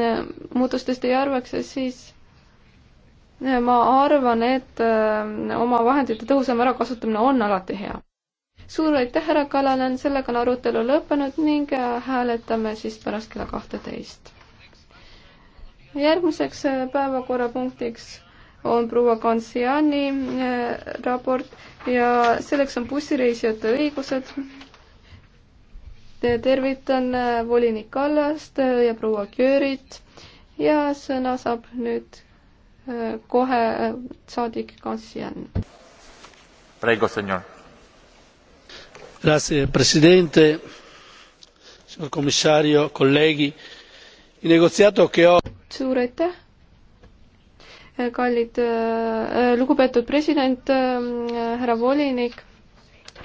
Äh, muudatustest ei arvaks, siis äh, ma arvan, et äh, oma vahendite tõhusam ärakasutamine on alati hea. suur aitäh, härra Kalanen, sellega on arutelu lõppenud ning hääletame siis pärast kella kahteteist. järgmiseks päevakorrapunktiks on proua Kansiani raport ja selleks on bussireisijate õigused tervitan äh, volinik Kallast äh, ja proua Köörit ja sõna saab nüüd äh, kohe saadik Kassian. Prego, senor. Grazie, presidente, signor commissario, colleghi. Il negoziato che ho... Suur aitäh, kallid, lugupeetud president, härra volinik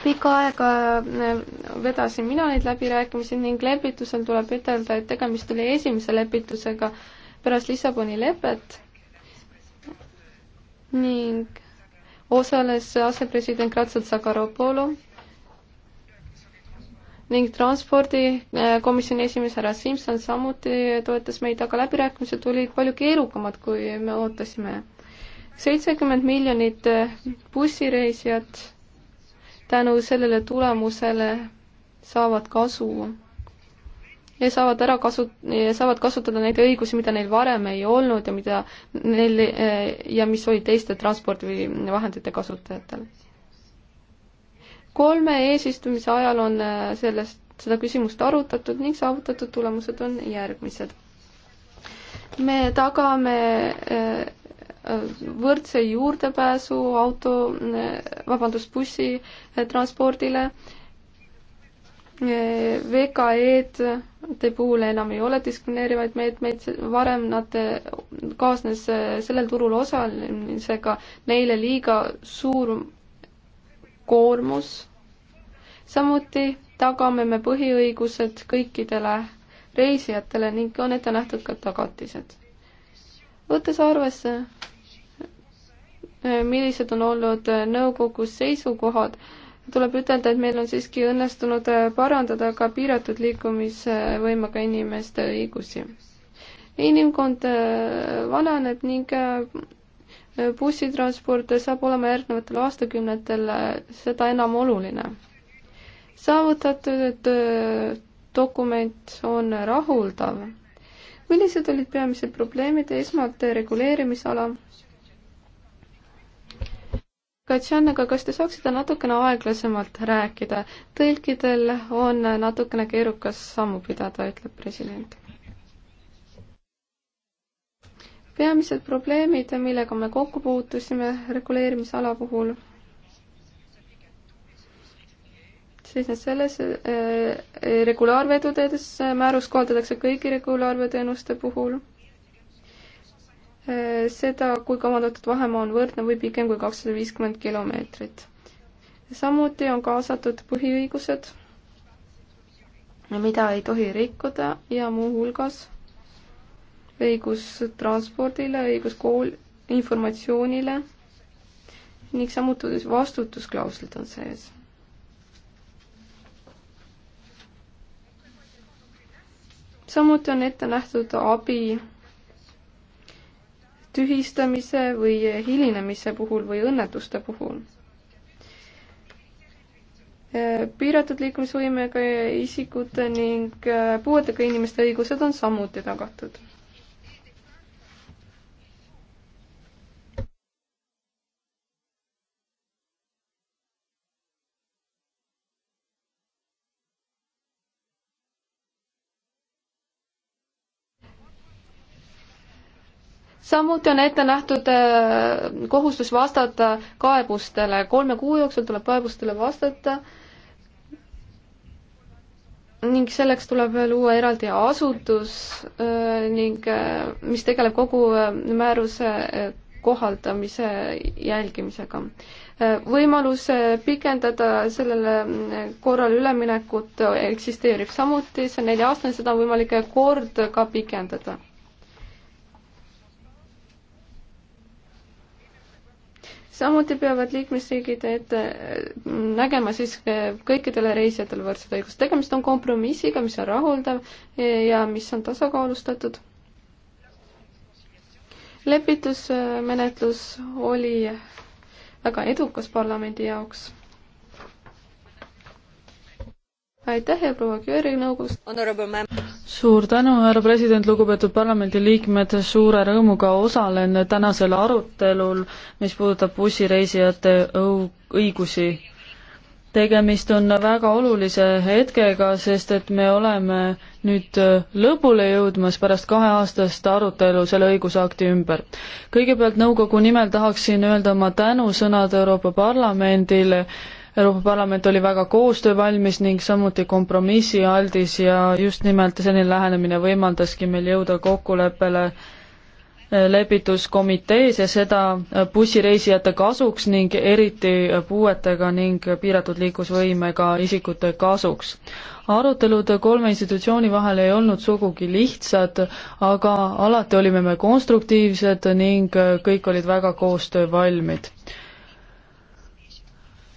pikka aega äh, vedasin mina neid läbirääkimisi ning lepitusel tuleb ütelda, et tegemist oli esimese lepitusega pärast Lissaboni lepet ning osales asepresident Kratsat Sakaropolu ning transpordikomisjoni äh, esimees härra Simson samuti toetas meid, aga läbirääkimised olid palju keerukamad, kui me ootasime. seitsekümmend miljonit äh, bussireisijat tänu sellele tulemusele saavad kasu ja saavad ära kasu-, saavad kasutada neid õigusi, mida neil varem ei olnud ja mida neil ja mis olid teiste transpordivahendite kasutajatel. kolme eesistumise ajal on äh, sellest, seda küsimust arutatud ning saavutatud tulemused on järgmised. me tagame äh, võrdse juurdepääsu auto, vabandust, bussitranspordile. Eh, eh, VKE-de puhul enam ei ole diskrimineerivaid meetmeid, varem nad eh, kaasnes sellel turul osalemisega neile liiga suur koormus. samuti tagame me põhiõigused kõikidele reisijatele ning on ette nähtud ka tagatised. võttes arvesse Äh, millised on olnud äh, nõukogus seisukohad. tuleb ütelda, et meil on siiski õnnestunud äh, parandada ka piiratud liikumisvõimega inimeste õigusi. inimkond vananeb ning bussitransport saab olema järgnevatel aastakümnetel seda enam oluline. saavutatud dokument on rahuldav millised olid peamised probleemid esmalt reguleerimisala? Katjan, aga kas te saaksite natukene aeglasemalt rääkida? tõlkidel on natukene keerukas sammu pidada, ütleb president. peamised probleemid, millega me kokku puutusime reguleerimisala puhul, seisnes selles äh, regulaarvedudes, määrus kohaldatakse kõigi regulaarveduteenuste puhul seda, kui kavandatud vahemaa on võrdne või pikem kui kakssada viiskümmend kilomeetrit. samuti on kaasatud põhiõigused, mida ei tohi rikkuda ja muuhulgas õigus transpordile, õigus kool, informatsioonile ning samuti vastutusklauslid on sees samuti on ette nähtud abi tühistamise või hilinemise puhul või õnnetuste puhul. piiratud liikumisvõimega isikute ning puuetega inimeste õigused on samuti tagatud samuti on ette nähtud äh, kohustus vastata kaebustele, kolme kuu jooksul tuleb kaebustele vastata ning selleks tuleb veel luua eraldi asutus äh, ning äh, mis tegeleb kogu määruse kohaldamise jälgimisega. võimalus pikendada sellele korrale üleminekut eksisteerib samuti, see on nelja aastane, seda on võimalik kord ka pikendada samuti peavad liikmesriigid ette mm, nägema siis eh, kõikidele reisijatele võrdset õigust. tegemist on kompromissiga, mis on rahuldav eh, ja mis on tasakaalustatud. lepitusmenetlus oli väga edukas parlamendi jaoks. aitäh ja proua Kööri nõukogust suur tänu, härra president, lugupeetud parlamendiliikmed, suure rõõmuga osalen tänasel arutelul, mis puudutab bussireisijate õigusi. tegemist on väga olulise hetkega, sest et me oleme nüüd lõpule jõudmas pärast kaheaastast arutelu selle õigusakti ümber. kõigepealt nõukogu nimel tahaksin öelda oma tänusõnad Euroopa Parlamendile, Euroopa Parlament oli väga koostöövalmis ning samuti kompromissialdis ja just nimelt selline lähenemine võimaldaski meil jõuda kokkuleppele eh, lepituskomitees ja seda eh, bussireisijate kasuks ning eriti puuetega ning piiratud liiklusvõimega isikute kasuks. arutelud kolme institutsiooni vahel ei olnud sugugi lihtsad, aga alati olime me konstruktiivsed ning eh, kõik olid väga koostöövalmid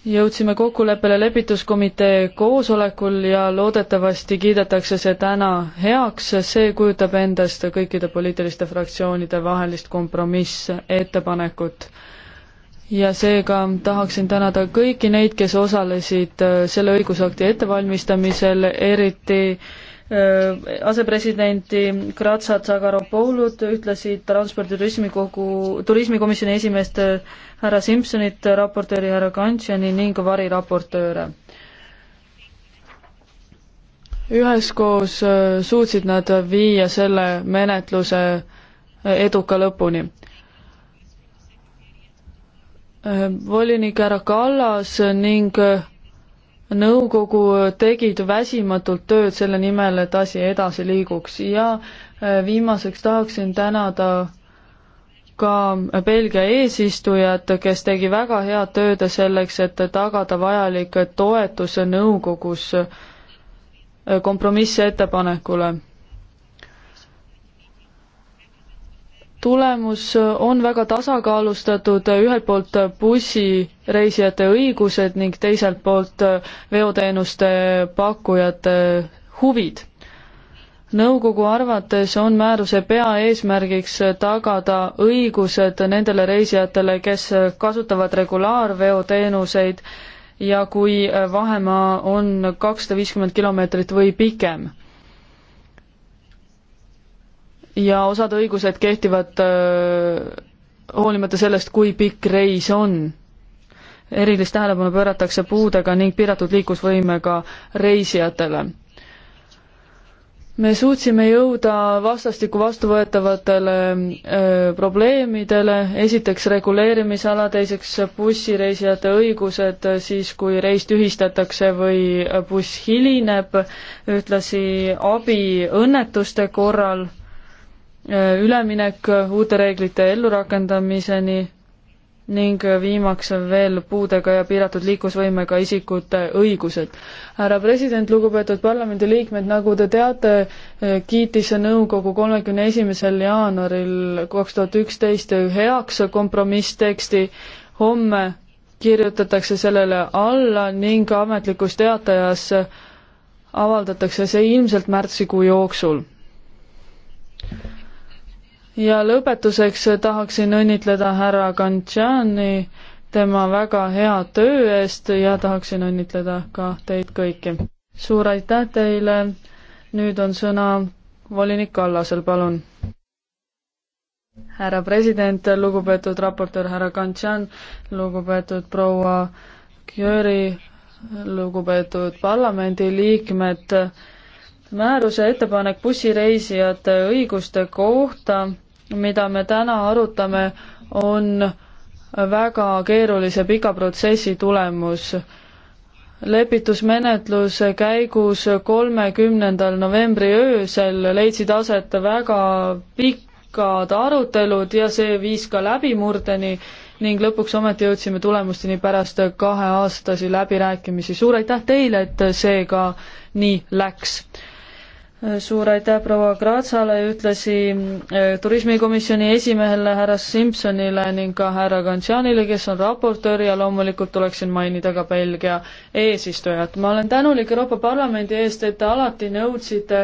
jõudsime kokkuleppele lepituskomitee koosolekul ja loodetavasti kiidetakse see täna heaks, see kujutab endast kõikide poliitiliste fraktsioonide vahelist kompromissettepanekut. ja seega tahaksin tänada kõiki neid, kes osalesid selle õigusakti ettevalmistamisel, eriti Äh, asepresidenti Kratsat Zagaropoulut, ühtlasi transpordi turismikogu, turismikomisjoni esimeest äh, härra Simsonit, raportööri härra Kantšeni ning variraportööre. üheskoos äh, suutsid nad viia selle menetluse eduka lõpuni volinik härra Kallas ning nõukogu tegid väsimatult tööd selle nimel, et asi edasi liiguks ja äh, viimaseks tahaksin tänada ka Belgia eesistujat, kes tegi väga head tööd selleks, et tagada vajalik toetus nõukogus äh, kompromissettepanekule tulemus on väga tasakaalustatud, ühelt poolt bussireisijate õigused ning teiselt poolt veoteenuste pakkujate huvid. nõukogu arvates on määruse peaeesmärgiks tagada õigused nendele reisijatele, kes kasutavad regulaarveoteenuseid ja kui vahemaa on kakssada viiskümmend kilomeetrit või pikem ja osad õigused kehtivad hoolimata sellest, kui pikk reis on. erilist tähelepanu pööratakse puudega ning piiratud liiklusvõimega reisijatele. me suutsime jõuda vastastikku vastuvõetavatele öö, probleemidele, esiteks reguleerimisala, teiseks bussireisijate õigused siis, kui reis tühistatakse või buss hilineb, ühtlasi abi õnnetuste korral Äh, üleminek uute reeglite ellurakendamiseni ning viimaks veel puudega ja piiratud liiklusvõimega isikute õigused. härra president, lugupeetud parlamendiliikmed, nagu te teate, äh, kiitis nõukogu kolmekümne esimesel jaanuaril kaks tuhat üksteist heaks kompromissteksti, homme kirjutatakse sellele alla ning ametlikus teatajas avaldatakse see ilmselt märtsikuu jooksul ja lõpetuseks tahaksin õnnitleda härra Kantšani tema väga hea töö eest ja tahaksin õnnitleda ka teid kõiki. suur aitäh teile, nüüd on sõna volinik Kallasel, palun. härra president, lugupeetud raportöör härra Kantšan, lugupeetud proua Jüri, lugupeetud parlamendiliikmed, määruse ettepanek bussireisijate õiguste kohta mida me täna arutame, on väga keerulise pika protsessi tulemus. lepitusmenetluse käigus kolmekümnendal novembri öösel leidsid aset väga pikad arutelud ja see viis ka läbimurdeni ning lõpuks ometi jõudsime tulemusteni pärast kaheaastasi läbirääkimisi. suur aitäh teile, et see ka nii läks suur aitäh proua Kratsale ja ühtlasi äh, turismikomisjoni esimehele härra Simsonile ning ka härra Kantšanile, kes on raportöör ja loomulikult tuleksin mainida ka Belgia eesistujat. ma olen tänulik Euroopa Parlamendi eest, et te alati nõudsite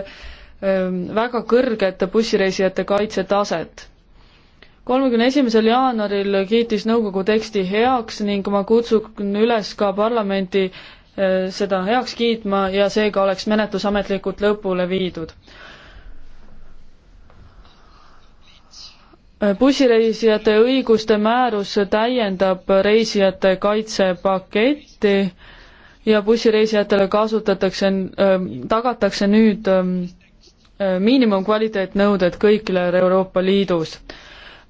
ähm, väga kõrget bussireisijate kaitsetaset. kolmekümne esimesel jaanuaril kiitis nõukogu teksti heaks ning ma kutsun üles ka parlamenti Äh, seda heaks kiitma ja seega oleks menetlus ametlikult lõpule viidud. Äh, bussireisijate õiguste määrus täiendab reisijate kaitsepaketti ja bussireisijatele kasutatakse, äh, tagatakse nüüd ähm, miinimumkvaliteetnõuded kõikjal Euroopa Liidus.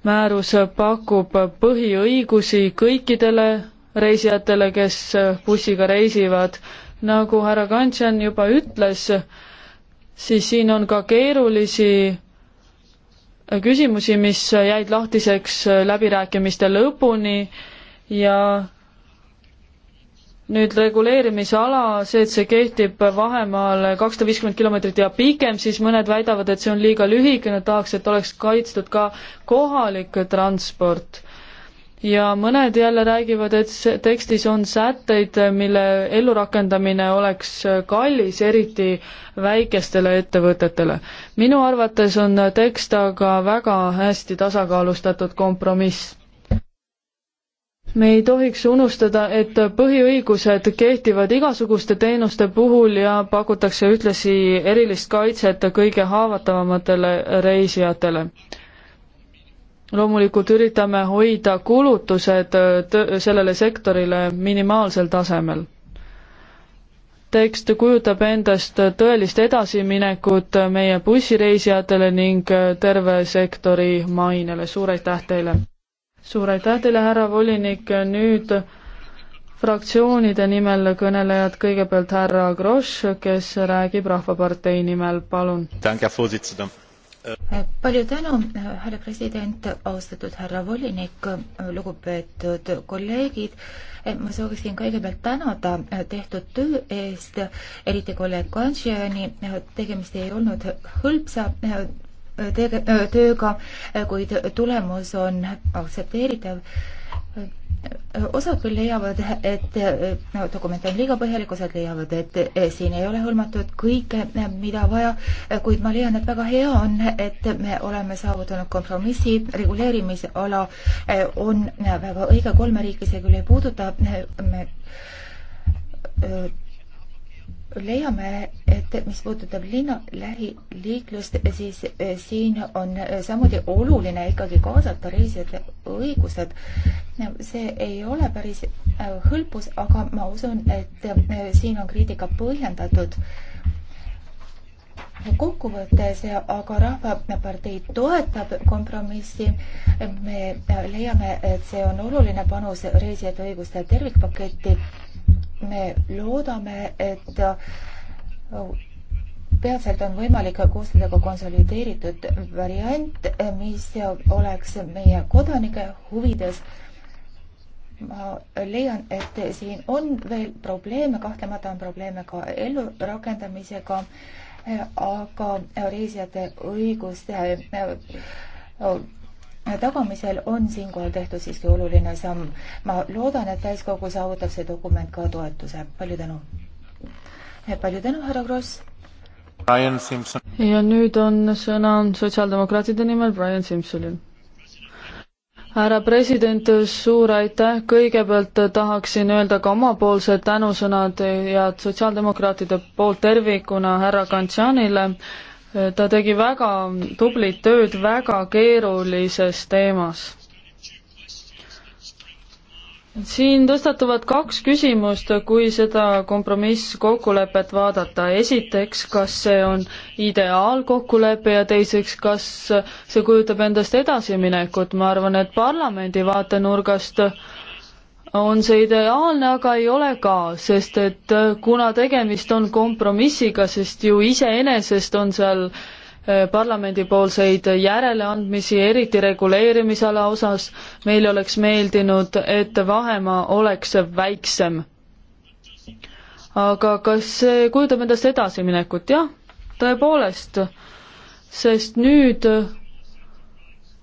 määrus pakub põhiõigusi kõikidele reisijatele, kes äh, bussiga reisivad. nagu härra Kantšan juba ütles, siis siin on ka keerulisi äh, küsimusi, mis jäid lahtiseks äh, läbirääkimiste lõpuni ja nüüd reguleerimisala, see, et see kehtib vahemaal kakssada viiskümmend kilomeetrit ja pikem, siis mõned väidavad, et see on liiga lühike, nad tahaks, et oleks kaitstud ka kohalik transport ja mõned jälle räägivad, et tekstis on sätteid, mille ellurakendamine oleks kallis, eriti väikestele ettevõtetele. minu arvates on tekst aga väga hästi tasakaalustatud kompromiss. me ei tohiks unustada, et põhiõigused kehtivad igasuguste teenuste puhul ja pakutakse ühtlasi erilist kaitset kõige haavatavamatele reisijatele loomulikult üritame hoida kulutused äh, sellele sektorile minimaalsel tasemel. tekst kujutab endast tõelist edasiminekut meie bussireisijatele ning äh, terve sektori mainele, suur aitäh teile! suur aitäh teile, härra volinik, nüüd fraktsioonide nimel kõnelejad, kõigepealt härra Grosch, kes räägib Rahvapartei nimel, palun! palju tänu, härra president, austatud härra volinik, lugupeetud kolleegid. ma sooviksin kõigepealt tänada tehtud töö eest, eriti kolleeg Kanšiani, tegemist ei olnud hõlpsa tööga, kuid tulemus on aktsepteeritav osad küll leiavad, et no, dokument on liiga põhjalik, osad leiavad, et eh, siin ei ole hõlmatud kõike, eh, mida vaja, eh, kuid ma leian, et väga hea on, et me oleme saavutanud kompromissi, reguleerimisala on väga õige, kolme riiki see küll ei puuduta, me öö, leiame, et mis puudutab linna lähiliiklust, siis eh, siin on eh, samuti oluline ikkagi kaasata reisijate õigused. see ei ole päris eh, hõlpus, aga ma usun, et siin on kriitika põhjendatud. kokkuvõttes aga Rahvapartei toetab kompromissi. me leiame, et see on oluline panus reisijate õiguste tervikpaketti me loodame, et oh, peatselt on võimalik koostada ka konsolideeritud variant, mis oleks meie kodanike huvides. ma leian, et siin on veel probleeme, kahtlemata on probleeme ka ellurakendamisega, aga reisijate õiguste oh, tagamisel on siinkohal tehtud siiski oluline samm. ma loodan, et täiskogu saavutab see dokument ka toetuse. palju tänu. palju tänu, härra Kross. ja nüüd on sõna sotsiaaldemokraatide nimel Brian Simsonil härra president, suur aitäh, kõigepealt tahaksin öelda ka omapoolsed tänusõnad ja sotsiaaldemokraatide poolt tervikuna härra Kantšanile ta tegi väga tublit tööd väga keerulises teemas. siin tõstatuvad kaks küsimust, kui seda kompromisskokkulepet vaadata. esiteks, kas see on ideaalkokkulepe ja teiseks, kas see kujutab endast edasiminekut. ma arvan, et parlamendi vaatenurgast äh, on see ideaalne, aga ei ole ka, sest et äh, kuna tegemist on kompromissiga, sest ju iseenesest on seal äh, parlamendipoolseid järeleandmisi, eriti reguleerimisala osas, meil oleks meeldinud, et vahemaa oleks väiksem. aga kas see kujutab endast edasiminekut, jah, tõepoolest, sest nüüd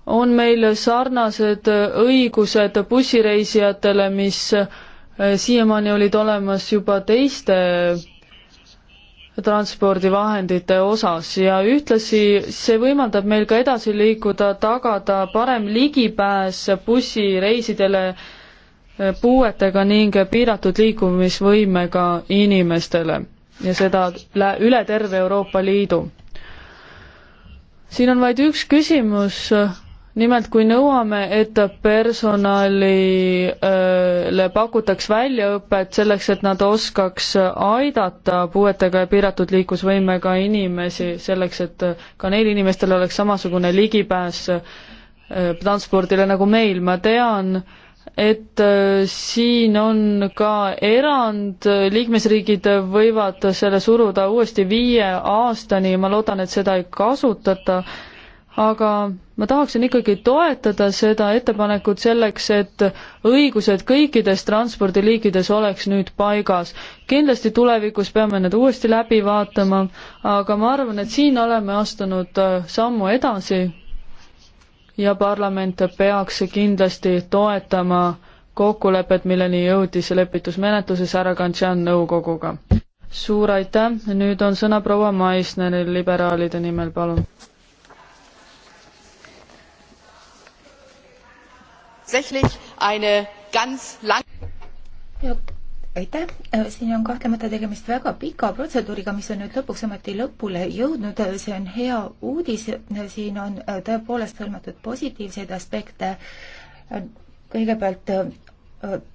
on meil sarnased õigused bussireisijatele, mis eh, siiamaani olid olemas juba teiste transpordivahendite osas ja ühtlasi see võimaldab meil ka edasi liikuda, tagada parem ligipääs bussireisidele eh, puuetega ning piiratud liikumisvõimega inimestele ja seda üle terve Euroopa Liidu. siin on vaid üks küsimus nimelt, kui nõuame, et personalile pakutaks väljaõpet selleks, et nad oskaks aidata puuetega ja piiratud liiklusvõimega inimesi, selleks et ka neil inimestel oleks samasugune ligipääs transpordile nagu meil, ma tean, et siin on ka erand, liikmesriigid võivad selle suruda uuesti viie aastani ja ma loodan, et seda ei kasutata, aga ma tahaksin ikkagi toetada seda ettepanekut selleks, et õigused kõikides transpordiliikides oleks nüüd paigas. kindlasti tulevikus peame need uuesti läbi vaatama, aga ma arvan, et siin oleme astunud äh, sammu edasi ja parlament peaks kindlasti toetama kokkulepet, milleni jõudis lepitusmenetluses härra Kantšan nõukoguga. suur aitäh, nüüd on sõna proua Maisneril liberaalide nimel, palun tatsächlich eine ganz lange aitäh, siin on kahtlemata tegemist väga pika protseduuriga, mis on nüüd lõpuks ometi lõpule jõudnud, see on hea uudis, siin on äh, tõepoolest hõlmatud positiivseid aspekte. kõigepealt äh,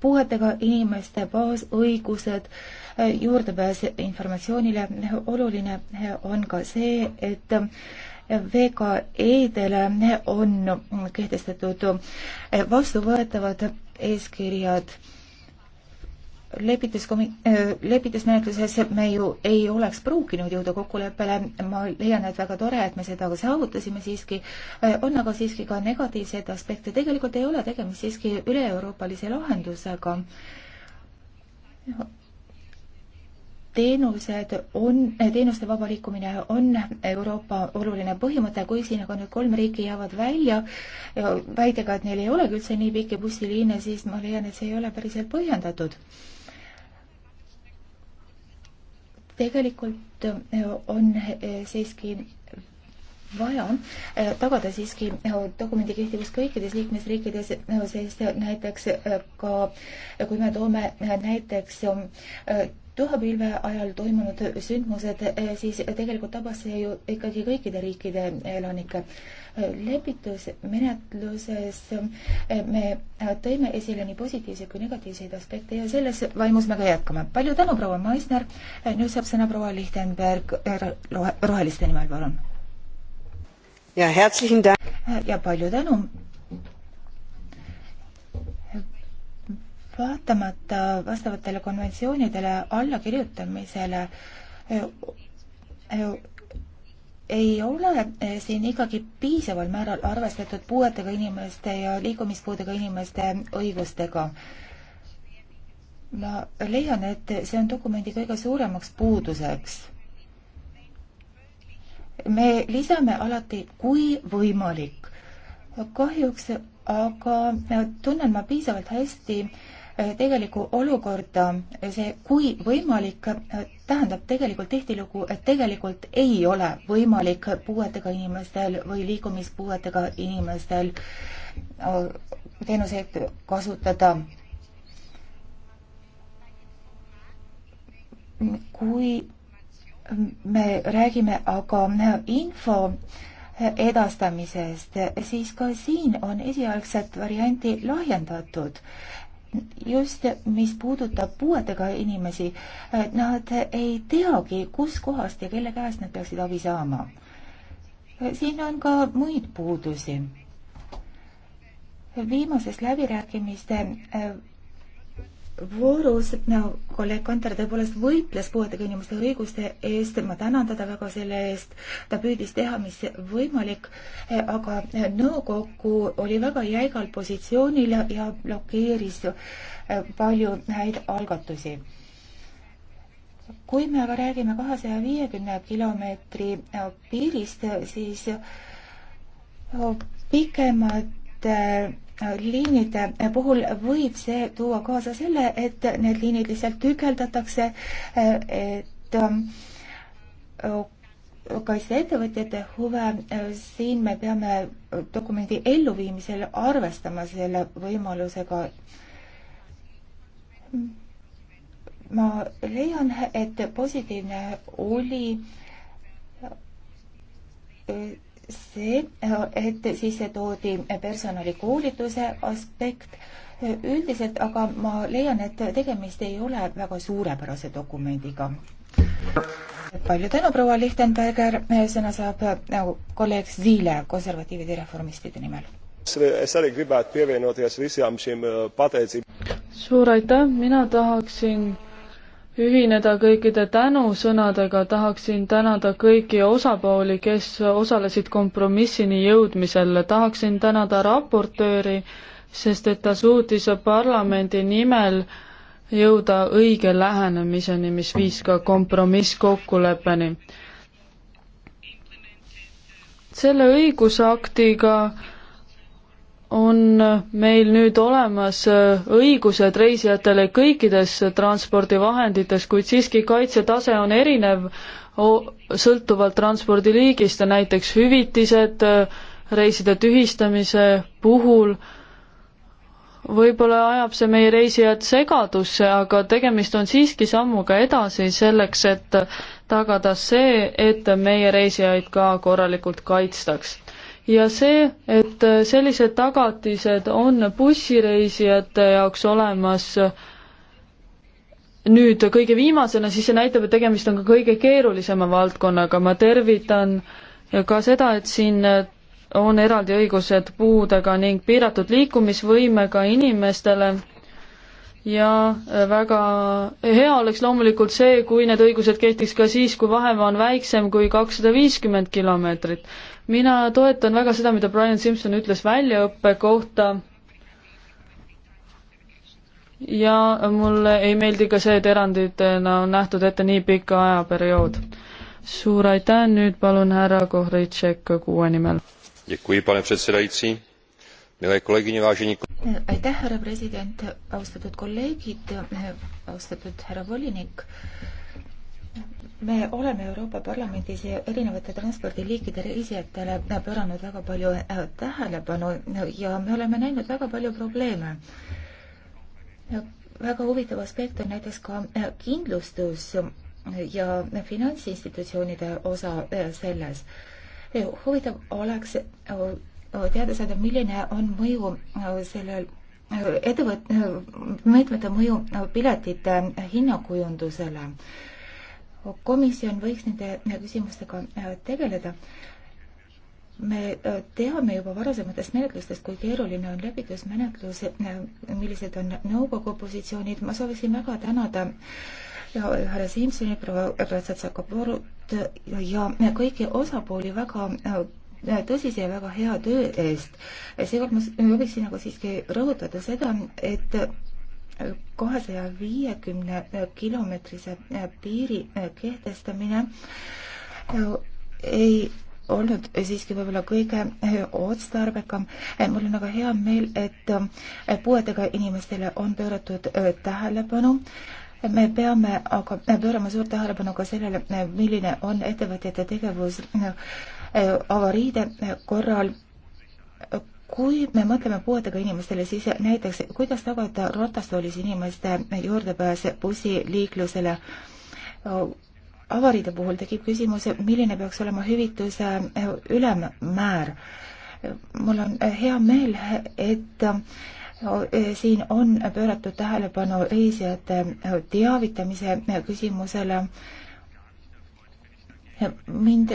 puuetega inimeste baasõigused, äh, juurdepääs informatsioonile, oluline on ka see, et VKE-dele on kehtestatud vastuvõetavad eeskirjad lepitus, äh, lepitusmenetluses me ju ei oleks pruukinud jõuda kokkuleppele, ma leian, et väga tore, et me seda ka saavutasime siiski, äh, on aga siiski ka negatiivseid aspekte, tegelikult ei ole tegemist siiski üle-euroopalise lahendusega teenused on, teenuste vaba liikumine on Euroopa oluline põhimõte, kui siin aga nüüd kolm riiki jäävad välja väidega, et neil ei olegi üldse nii pikki bussiliine, siis ma leian, et see ei ole päriselt põhjendatud. tegelikult on siiski vaja tagada siiski dokumendi kehtivus kõikides liikmesriikides, sest näiteks ka kui me toome näiteks tuhapilve ajal toimunud sündmused, eh, siis tegelikult tabas see ju ikkagi kõikide riikide elanikke. lepitusmenetluses eh, me tõime esile nii positiivseid kui negatiivseid aspekte ja selles vaimus me ka jätkame. palju tänu, proua Maisner. Eh, nüüd saab sõna proua Lichtenberg roheliste nimel, palun. ja palju tänu vaatamata vastavatele konventsioonidele allakirjutamisele e, e, ei ole e, siin ikkagi piisaval määral arvestatud puuetega inimeste ja liikumispuudega inimeste õigustega. ma leian, et see on dokumendi kõige suuremaks puuduseks. me lisame alati, kui võimalik. kahjuks aga tunnen ma piisavalt hästi äh, Eh, tegelikku olukorda, eh, see kui võimalik, eh, tähendab tegelikult tihtilugu, et tegelikult ei ole võimalik puuetega inimestel või liikumispuuetega inimestel teenuseid kasutada. kui me räägime aga info edastamisest, siis ka siin on esialgset varianti lahjendatud just, mis puudutab puuetega inimesi, nad ei teagi, kuskohast ja kelle käest nad peaksid abi saama. siin on ka muid puudusi. viimases läbirääkimiste voorus no, nagu kolleeg Kanter tõepoolest võitles puuetega inimeste õiguste eest, ma tänan teda väga selle eest, ta püüdis teha, mis võimalik, aga nõukogu oli väga jäigal positsioonil ja, ja blokeeris palju häid algatusi. kui me aga räägime kahesaja viiekümne kilomeetri piirist, siis pikemad liinide puhul võib see tuua kaasa selle, et need liinid lihtsalt tükeldatakse, et ähm, kaitsta ettevõtjate huve, siin me peame dokumendi elluviimisel arvestama selle võimalusega. ma leian, et positiivne oli äh, see, et sisse toodi personalikoolituse aspekt. üldiselt aga ma leian, et tegemist ei ole väga suurepärase dokumendiga. palju tänu, proua Lichtenberger, sõna saab nagu kolleeg Ziile konservatiivide ja reformistide nimel. Es arī gribētu pievienoties visām šīm pateicībām. Suur aitäh, mina tahaksin ühineda kõikide tänusõnadega, tahaksin tänada kõiki osapooli, kes osalesid kompromissini jõudmisel, tahaksin tänada raportööri, sest et ta suutis parlamendi nimel jõuda õige lähenemiseni, mis viis ka kompromisskokkuleppeni. selle õigusaktiga on meil nüüd olemas äh, õigused reisijatele kõikides transpordivahendites, kuid siiski kaitsetase on erinev sõltuvalt transpordiliigist ja näiteks hüvitised äh, reiside tühistamise puhul. võib-olla ajab see meie reisijad segadusse, aga tegemist on siiski sammuga edasi selleks, et tagada see, et meie reisijaid ka korralikult kaitstaks ja see, et sellised tagatised on bussireisijate jaoks olemas nüüd kõige viimasena, siis see näitab, et tegemist on ka kõige keerulisema valdkonnaga, ma tervitan ka seda, et siin on eraldi õigused puudega ning piiratud liikumisvõimega inimestele ja väga hea oleks loomulikult see, kui need õigused kehtiks ka siis, kui vahemaa on väiksem kui kakssada viiskümmend kilomeetrit mina toetan väga seda, mida Brian Simson ütles väljaõppe kohta ja mulle ei meeldi ka see, et eranditena eh, on nähtud ette nii pika ajaperiood. suur aitäh, nüüd palun härra Kohritšek kuue nimel. Eh, aitäh, härra president, austatud kolleegid, eh, austatud härra volinik me oleme Euroopa Parlamendis erinevate transpordiliikide reisijatele pööranud väga palju äh, tähelepanu ja me oleme näinud väga palju probleeme. väga huvitav aspekt on näiteks ka äh, kindlustus ja finantsinstitutsioonide osa äh, selles. huvitav oleks teada saada, milline on mõju sellel ettevõt-, meetmete mõju piletite hinnakujundusele komisjon võiks nende küsimustega äh, tegeleda. me äh, teame juba varasematest menetlustest, kui keeruline on lepitusmenetlus, äh, millised on nõukogu positsioonid, ma sooviksin väga tänada ja härra Simsoni, proua Ratsatsakaporut ja kõiki osapooli väga tõsise ja väga hea töö eest. seekord ma sooviksin aga siiski rõhutada seda, et kahesaja viiekümne kilomeetrise piiri kehtestamine ei olnud siiski võib-olla kõige otstarbekam. mul on väga hea meel, et puuetega inimestele on pööratud tähelepanu me peame aga pöörama suurt tähelepanu ka sellele, milline on ettevõtjate tegevus avariide korral kui me mõtleme puuetega inimestele, siis näiteks kuidas tagada ratastoolis inimeste juurdepääs bussiliiklusele? avariide puhul tekib küsimus, milline peaks olema hüvituse ülemmäär. mul on hea meel, et siin on pööratud tähelepanu reisijate teavitamise küsimusele. mind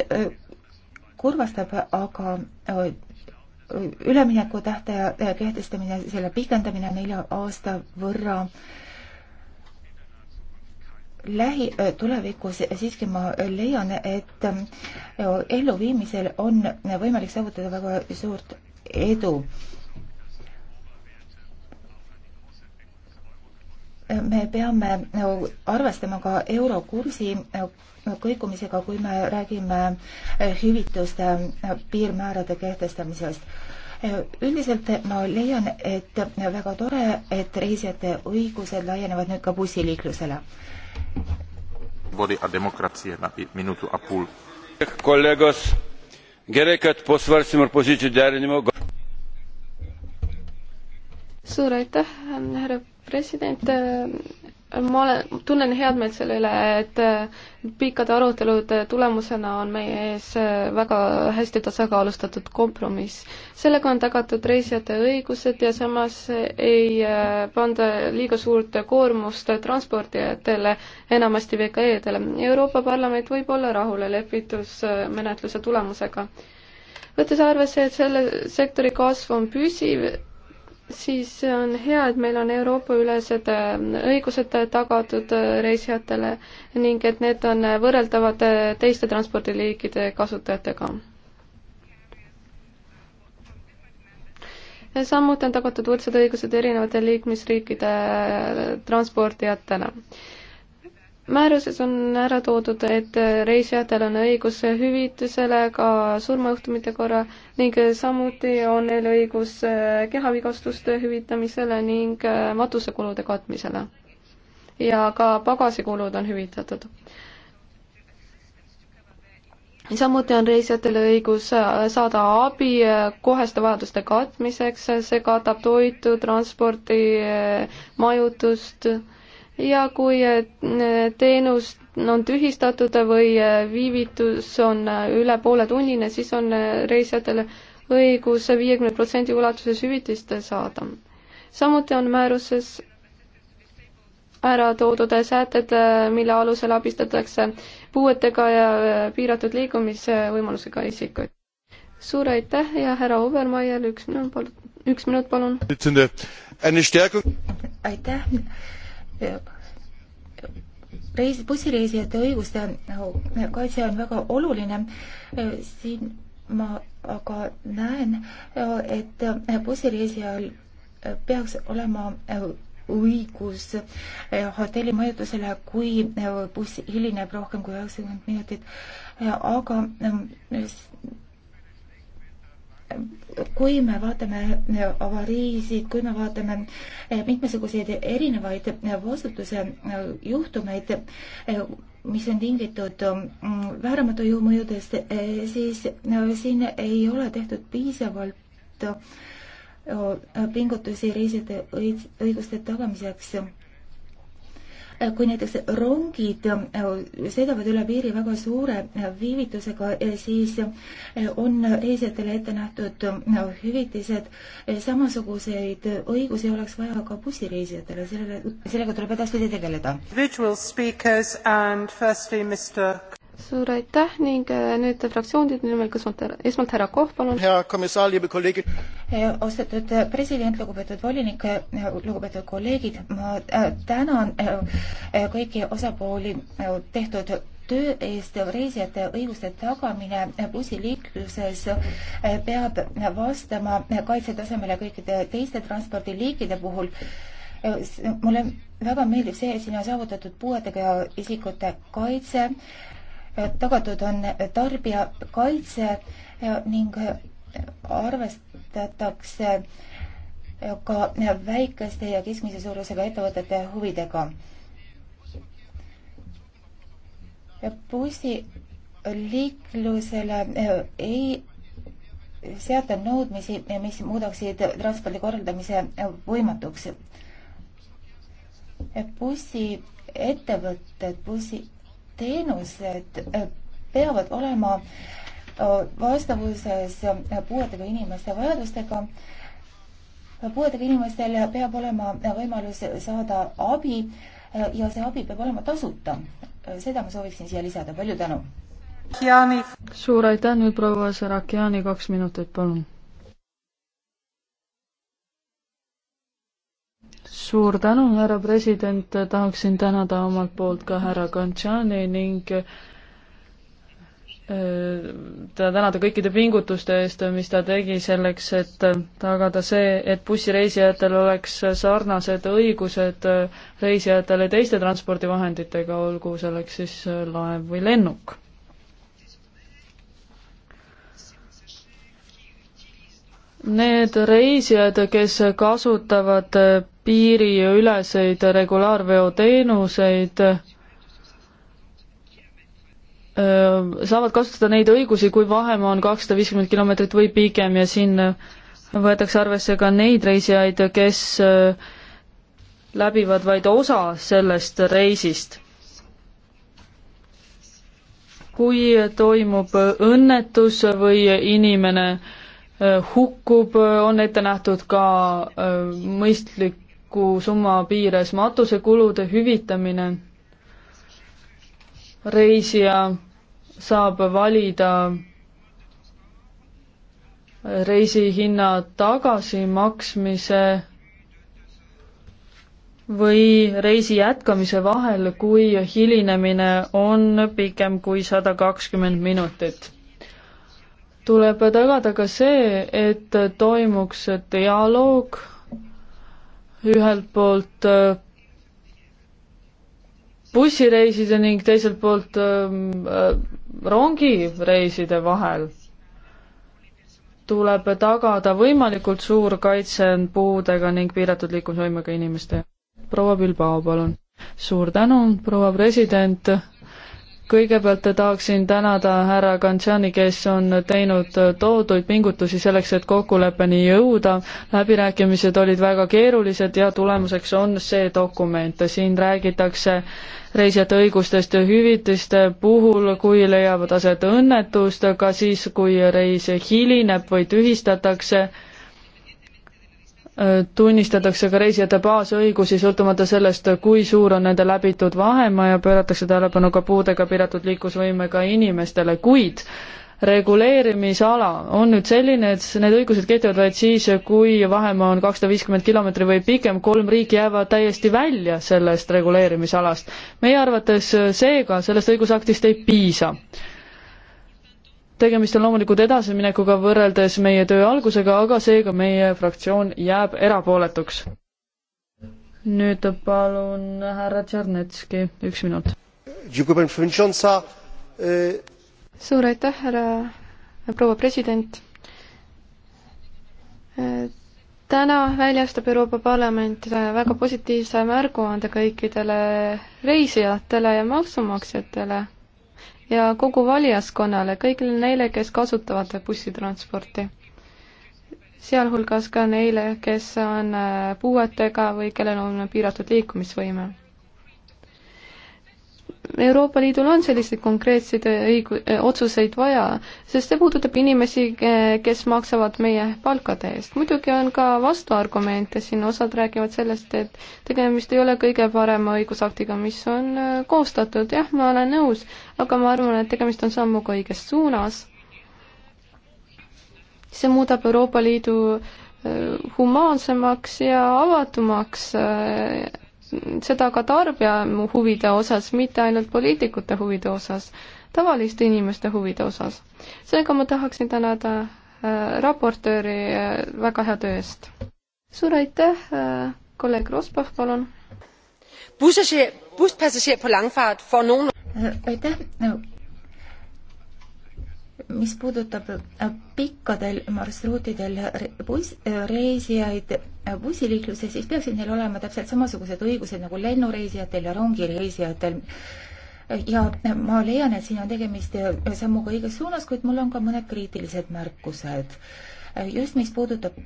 kurvastab aga ülemineku tähtaja äh, kehtestamine, selle pikendamine nelja aasta võrra. lähitulevikus äh, siiski ma leian, et äh, elluviimisel on võimalik saavutada väga suurt edu me peame arvestama ka eurokursi kõikumisega, kui me räägime hüvituste piirmäärade kehtestamisest. üldiselt ma leian, et väga tore, et reisijate õigused laienevad nüüd ka bussiliiklusele. kolegos, gerai, et po svarstymo ir pozicijų derinimo. suur aitäh, härra president, äh, ma olen, tunnen head meelt selle üle, et äh, pikkade arutelude tulemusena on meie ees äh, väga hästi tasakaalustatud kompromiss. sellega on tagatud reisijate õigused ja samas ei panda liiga suurt koormust transpordijatele, enamasti VKE-dele. Euroopa Parlament võib olla rahule lepitusmenetluse tulemusega võttes arvesse, et selle sektori kasv on püsiv, siis on hea, et meil on Euroopa-ülesed äh, õigused tagatud äh, reisijatele ning et need on võrreldavad äh, teiste transpordiliikide kasutajatega. samuti on tagatud võrdsed õigused erinevate liikmesriikide transpordijatele määruses on ära toodud, et reisijatel on õigus hüvitisele ka surmajuhtumite korral ning samuti on neil õigus kehavigastuste hüvitamisele ning matusekulude katmisele. ja ka pagasikulud on hüvitatud. samuti on reisijatel õigus saada abi koheste vajaduste katmiseks, see katab toitu, transporti, majutust ja kui äh, teenus on tühistatud või äh, viivitus on äh, üle poole tunnine, siis on reisijatele õigus viiekümne protsendi ulatuses hüvitist saada. samuti on määruses ära toodud sätted, mille alusel abistatakse puuetega ja piiratud liikumisvõimalusega isikuid. suur aitäh ja härra Obermeier, üks minut palun, üks minut palun. aitäh reis, bussireisijate õiguste nagu kaitse on väga oluline. siin ma aga näen, et bussireisijal peaks olema õigus hotellimajutusele, kui buss hilineb rohkem kui üheksakümmend minutit. aga kui me vaatame äh, avariisid, kui me vaatame äh, mitmesuguseid erinevaid äh, vastutuse juhtumeid, mis on tingitud mm, vääramatu jõu mõjudest, siis siin ei ole tehtud piisavalt pingutusi reisijate õiguste tagamiseks Äh, kui näiteks rongid äh, sõidavad üle piiri väga suure äh, viivitusega, siis on reisijatele ette nähtud hüvitised. samasuguseid õigusi oleks vaja ka bussireisijatele, sellele, sellega tuleb edaspidi tegeleda suur aitäh ning äh, nüüd fraktsioonide nimel, kas esmalt härra Kohv, palun. Äh, austatud äh, president, lugupeetud volinik, lugupeetud kolleegid, ma tänan kõiki osapooli tehtud töö eest reisijate õiguste tagamine bussiliikluses peab vastama kaitsetasemele kõikide teiste transpordiliikide puhul mulle väga meeldib see, et siin on saavutatud puuetega isikute kaitse tagatud on tarbijakaitse ning arvestatakse ka väikeste ja keskmise suurusega ettevõtete huvidega. bussiliiklusele ei seata nõudmisi, mis muudaksid transpordi korraldamise võimatuks. bussiettevõtted, bussi teenused äh, peavad olema äh, vastavuses äh, puuetega inimeste vajadustega. puuetega inimestel peab olema võimalus saada abi ja see abi peab olema tasuta. seda ma sooviksin siia lisada, palju tänu. suur aitäh nüüd proua Sarakiani, kaks minutit, palun suur tänu, härra president, tahaksin tänada omalt poolt ka härra Kantšani ning äh, ta tänada kõikide pingutuste eest, mis ta tegi selleks, et äh, tagada see, et bussireisijatel oleks sarnased õigused äh, reisijatele teiste transpordivahenditega, olgu selleks siis laev või lennuk. Need reisijad, kes kasutavad piiriüleseid regulaarveoteenuseid, saavad kasutada neid õigusi, kui vahemaa on kakssada viiskümmend kilomeetrit või pikem ja siin võetakse arvesse ka neid reisijaid, kes läbivad vaid osa sellest reisist. kui toimub õnnetus või inimene äh, Äh, hukkub, äh, on ette nähtud ka äh, mõistliku summa piires matusekulude hüvitamine. reisija saab valida reisihinna tagasimaksmise või reisi jätkamise vahel, kui hilinemine on pikem kui sada kakskümmend minutit tuleb tagada ka see, et toimuks dialoog ühelt poolt äh, bussireiside ning teiselt poolt ähm, äh, rongireiside vahel. tuleb tagada võimalikult suur kaitse puudega ning piiratud liikumisvõimega inimeste. proua Bilbao, palun. suur tänu, proua president kõigepealt tahaksin tänada härra Kantšani, kes on teinud tohutuid pingutusi selleks, et kokkuleppeni jõuda. läbirääkimised olid väga keerulised ja tulemuseks on see dokument. siin räägitakse reisijate õigustest ja hüvitiste puhul, kui leiavad aset õnnetust, ka siis, kui reis hilineb või tühistatakse Äh, tunnistatakse ka reisijate baasõigusi, sõltumata sellest, kui suur on nende läbitud vahemaa ja pööratakse tähelepanu ka puudega piiratud liiklusvõimega inimestele, kuid reguleerimisala on nüüd selline, et need õigused kehtivad vaid siis, kui vahemaa on kakssada viiskümmend kilomeetrit või pikem, kolm riiki jäävad täiesti välja sellest reguleerimisalast. meie arvates seega sellest õigusaktist ei piisa tegemist on loomulikult edasiminekuga võrreldes meie töö algusega, aga seega meie fraktsioon jääb erapooletuks. nüüd palun härra Tšernetski, üks minut. E, suur aitäh, härra proua president. E, täna väljastab Euroopa Parlament väga positiivse märguande kõikidele reisijatele ja maksumaksjatele ja kogu valijaskonnale, kõigile neile, kes kasutavad bussitransporti. sealhulgas ka neile, kes on äh, puuetega või kellel on piiratud liikumisvõime Euroopa Liidul on selliseid konkreetseid õigu-, otsuseid vaja, sest see puudutab inimesi, kes maksavad meie palkade eest. muidugi on ka vastuargumente siin, osad räägivad sellest, et tegemist ei ole kõige parema õigusaktiga, mis on äh, koostatud, jah, ma olen nõus, aga ma arvan, et tegemist on sammuga õiges suunas. see muudab Euroopa Liidu äh, humaansemaks ja avatumaks äh, seda ka tarbija huvide osas, mitte ainult poliitikute huvide osas, tavaliste inimeste huvide osas. seega ma tahaksin tänada äh, raportööri äh, väga hea töö eest. suur aitäh äh,, kolleeg Rosbach, palun. Äh, aitäh no mis puudutab äh, pikkadel marsruutidel buss, äh, reisijaid äh, bussiliikluses, siis peaksid neil olema täpselt samasugused õigused nagu lennureisijatel ja rongireisijatel. ja ma leian, et siin on tegemist sammuga õiges suunas, kuid mul on ka mõned kriitilised märkused. just, mis puudutab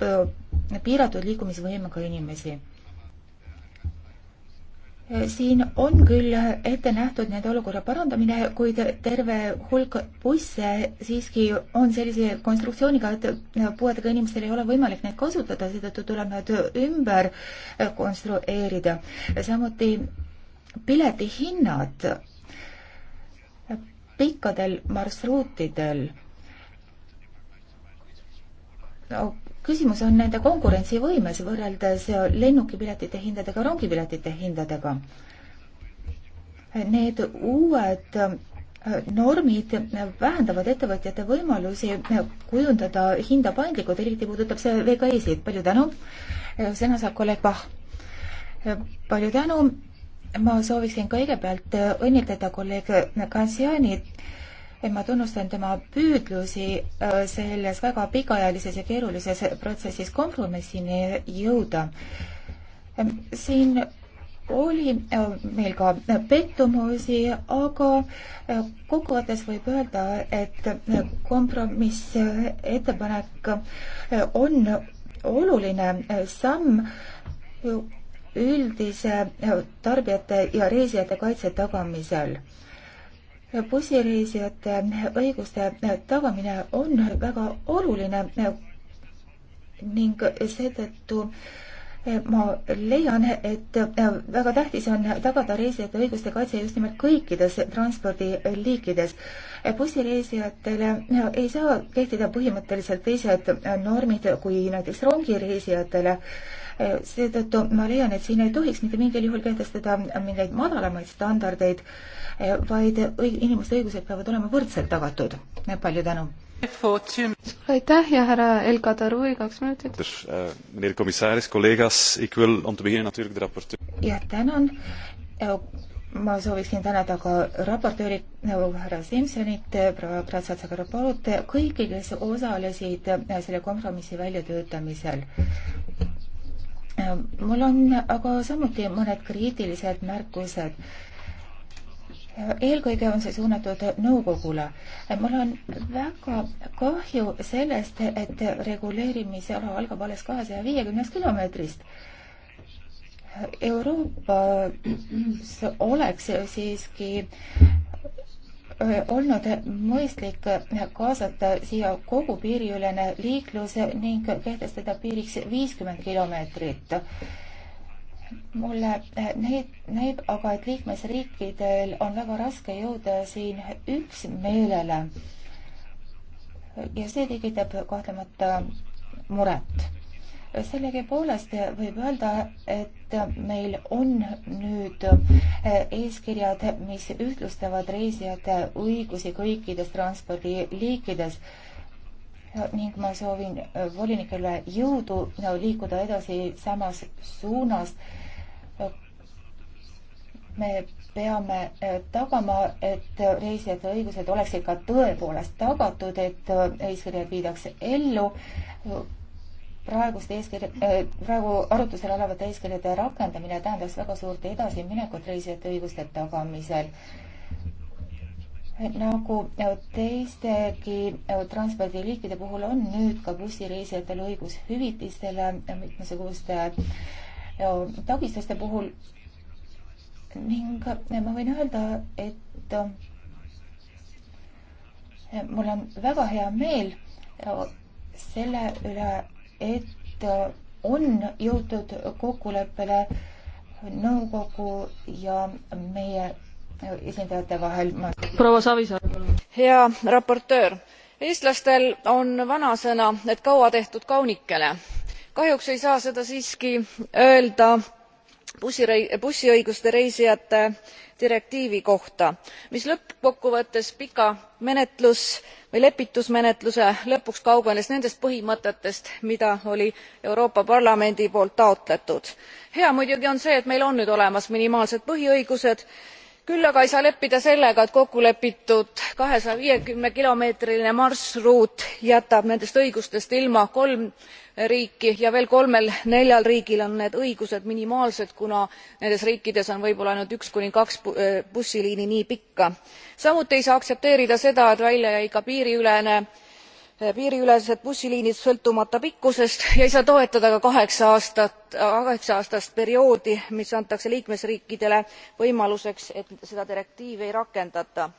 piiratud liikumisvõimega inimesi siin on küll ette nähtud nende olukorra parandamine, kuid terve hulk busse siiski on sellise konstruktsiooniga, et puuetega inimestel ei ole võimalik neid kasutada, seetõttu tuleb nad ümber konstrueerida. samuti piletihinnad pikkadel marsruutidel no, küsimus on nende konkurentsivõimes võrreldes lennukipiletite hindadega, rongipiletite hindadega. Need uued äh, normid vähendavad ettevõtjate võimalusi kujundada hinda paindlikult, eriti puudutab see VKI-sid. palju tänu. Äh, sõna saab kolleeg Pahh. Äh, palju tänu. ma sooviksin kõigepealt õnnitleda kolleeg Kansiani et ma tunnustan tema püüdlusi äh, selles väga pikaajalises ja keerulises protsessis kompromissini jõuda. Ähm, siin oli äh, meil ka pettumusi, aga äh, kokkuvõttes võib öelda, et kompromissettepanek on oluline samm üldise tarbijate ja reisijate kaitse tagamisel bussireisijate õiguste tagamine on väga oluline ning seetõttu ma leian, et väga tähtis on tagada reisijate õiguste kaitse just nimelt kõikides transpordiliikides. bussireisijatele ei saa kehtida põhimõtteliselt teised normid kui näiteks rongireisijatele seetõttu ma leian, et siin ei tohiks mitte mingil juhul kehtestada mingeid madalamaid standardeid, vaid inimeste õigused peavad olema võrdselt tagatud. palju tänu! aitäh ja härra El Kadarui, kaks minutit. Eh, meneer komissaris, kolleegas, ik wil om te beginnen natuurlijk de rapporteur. jah, tänan eh, ma sooviksin tänada ka raportööri eh, härra Simsonit, proua Kratsatsa-Karapalot, kõiki, kes osalesid selle kompromissi väljatöötamisel mul on aga samuti mõned kriitilised märkused. eelkõige on see suunatud nõukogule. mul on väga kahju sellest, et reguleerimisala algab alles kahesaja viiekümnest kilomeetrist. Euroopas oleks siiski olnud mõistlik kaasata siia kogu piiriülene liiklus ning kehtestada piiriks 50 kilomeetrit. Mulle eh, näib, näib aga, et liikmesriikidel on väga raske jõuda siin üks meelele ja see tekitab kahtlemata muret sellegipoolest võib öelda, et meil on nüüd äh, eeskirjad, mis ühtlustavad reisijate õigusi kõikides transpordiliikides ning ma soovin äh, volinikele jõudu no, liikuda edasi samas suunas. me peame äh, tagama, et reisijate õigused oleksid ka tõepoolest tagatud, et eeskirjad viidaks ellu praeguste eeskirja äh,, praegu arutusel olevate eeskirjade rakendamine tähendaks väga suurt edasiminekut reisijate õiguste tagamisel. nagu teistegi äh, transpordiliikide puhul on nüüd ka bussireisijatel õigus hüvitistele mitmesuguste äh, takistuste puhul ning äh, ma võin öelda, et mul on väga hea meel selle üle, et on jõutud kokkuleppele nõukogu ja meie esindajate vahel. proua Savisaar. hea raportöör, eestlastel on vanasõna, et kaua tehtud kaunikene. kahjuks ei saa seda siiski öelda bussiõiguste reisijate direktiivi kohta mis lõppkokkuvõttes pika lepitusmenetluse lõpuks kaugenes nendest põhimõtetest mida oli euroopa parlamendi poolt taotletud. hea muidugi on see et meil on nüüd olemas minimaalsed põhiõigused küll aga ei saa leppida sellega et kokkulepitud 2 km jätab nendest õigustest ilma kolm riiki ja veel kolmel neljal riigil on need õigused minimaalsed kuna nendes riikides on võib olla ainult üks kuni kaks bussiliini nii pikka. samuti ei saa aktsepteerida seda et välja jäi ka piiriülesed bussiliinid sõltumata pikkusest ja ei saa toetada ka kaheksa aastast perioodi mis antakse liikmesriikidele võimaluseks et seda direktiivi ei rakendata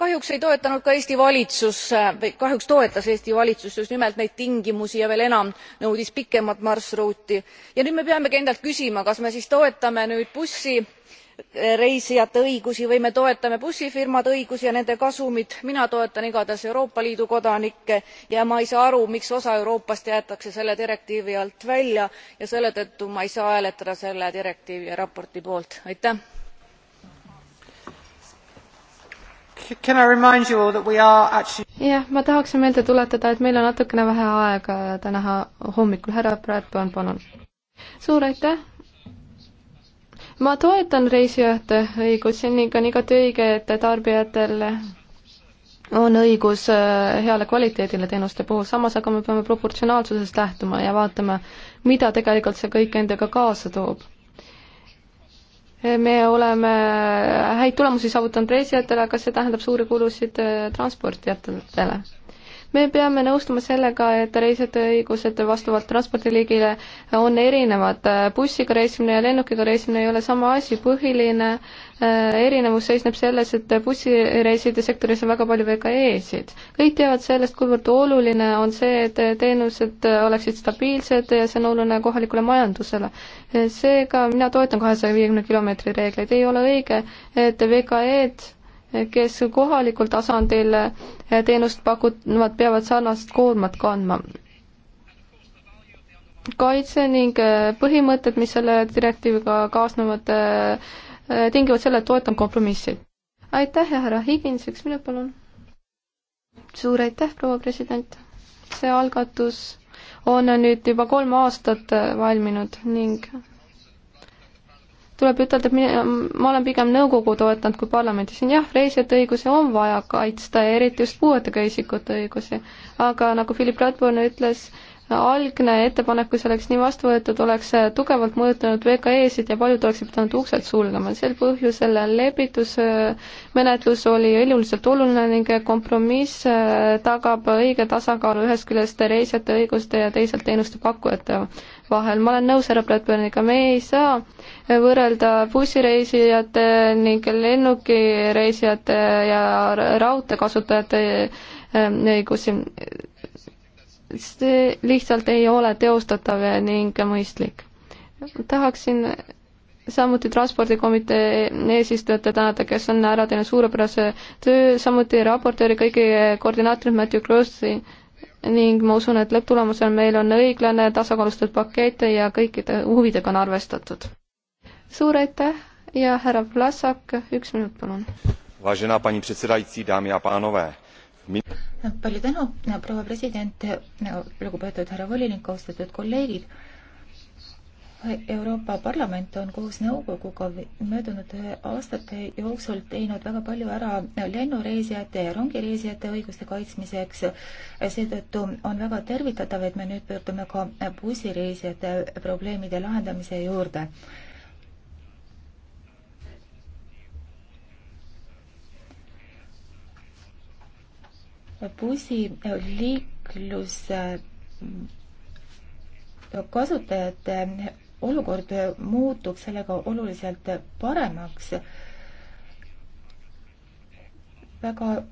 kahjuks ei toetanud ka eesti valitsus äh, või kahjuks toetas eesti valitsus just nimelt neid tingimusi ja veel enam nõudis pikemat marsruuti ja nüüd me peamegi endalt küsima kas me siis toetame nüüd bussireisijate äh, õigusi või me toetame bussifirmade õigusi ja nende kasumit. mina toetan igatahes euroopa liidu kodanikke ja ma ei saa aru miks osa euroopast jäetakse selle direktiivi alt välja ja selle tõttu ma ei saa hääletada selle direktiivi ja raporti poolt. aitäh! Actually... jah, ma tahaksin meelde tuletada, et meil on natukene vähe aega täna hommikul. härra Bradburn, palun. suur aitäh! ma toetan reisijate õigusi ning on igati õige, et tarbijatel on õigus äh, heale kvaliteedile teenuste puhul, samas aga me peame proportsionaalsusest lähtuma ja vaatama, mida tegelikult see kõik endaga kaasa toob me oleme häid tulemusi saavutanud reisijatele, aga see tähendab suuri kulusid äh, transportijatele me peame nõustuma sellega, et reisijate õigused vastavalt transpordiliigile on erinevad. bussiga reisimine ja lennukiga reisimine ei ole sama asi, põhiline äh, erinevus seisneb selles, et bussireiside sektoris on väga palju VKE-sid. kõik teavad sellest, kuivõrd oluline on see, et teenused oleksid stabiilsed ja see on oluline kohalikule majandusele. seega mina toetan kahesaja viiekümne kilomeetri reegleid, ei ole õige, et VKE-d kes kohalikul tasandil teenust pakuvad, peavad sarnast koormat kandma. kaitse ning äh, põhimõtted, mis selle direktiiviga kaasnevad, äh, äh, tingivad selle, et toetan kompromissi. aitäh ja härra Higins, üks minut palun. suur aitäh, proua president. see algatus on nüüd juba kolm aastat valminud ning tuleb ütelda, et mina, ma olen pigem nõukogu toetanud kui parlamendi, siin jah, reisijate õigusi on vaja kaitsta ja eriti just puuetega isikute õigusi, aga nagu Philip Radborn ütles, algne ettepanek, kui see oleks nii vastu võetud, oleks tugevalt mõjutanud VKE-sid ja paljud oleksid pidanud uksed sulgema. sel põhjusel lepitusmenetlus oli eluliselt oluline ning kompromiss äh, tagab õige tasakaalu ühest küljest reisijate õiguste ja teisalt teenuste pakkujate vahel. ma olen nõus härra Bradburniga, me ei saa võrrelda bussireisijate ning lennukireisijate ja raudtee kasutajate ähm, õigusi. see lihtsalt ei ole teostatav ning mõistlik. tahaksin samuti Transpordikomitee eesistujate tänada, kes on ära teinud suurepärase töö, samuti raportööri kõigi koordinaatorid Matthew Grossi ning ma usun, et lõpptulemusel meil on õiglane tasakaalustatud pakett ja kõikide huvidega on arvestatud. suur aitäh ja härra Vlasak, üks minut palun. Vážená paní předsedající, dámy a pánové. palju tänu, proua president, lugupeetud härra volinik, austatud kolleegid Euroopa Parlament on koos nõukoguga möödunud aastate jooksul teinud väga palju ära lennureisijate ja rongireisijate õiguste kaitsmiseks. seetõttu on väga tervitatav, et me nüüd pöördume ka bussireisijate probleemide lahendamise juurde. bussiliikluse kasutajate olukord muutub sellega oluliselt paremaks. väga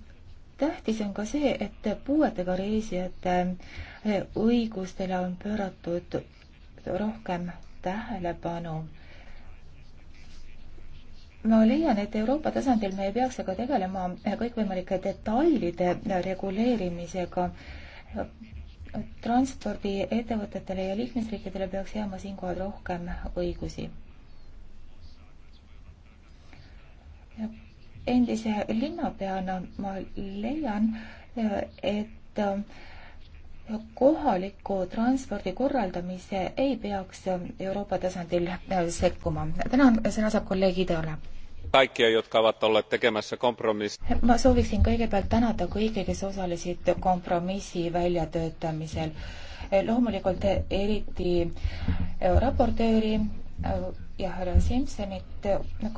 tähtis on ka see, et puuetega reisijate õigustele on pööratud rohkem tähelepanu. ma leian, et Euroopa tasandil me ei peaks aga tegelema kõikvõimalike detailide reguleerimisega transpordiettevõtetele ja liikmesriikidele peaks jääma siinkohal rohkem õigusi. endise linnapeana ma leian, et kohaliku transpordi korraldamise ei peaks Euroopa tasandil sekkuma. tänan, sõna saab kolleeg Ideole kaikkia jotka ovat olleet tekemässä kompromissia. ma sooviksin kõigepealt tänada kõiki kes osalesid kompromissi väljatöötamisel loomulikult eriti raportööri äh, ja härra Simsonit.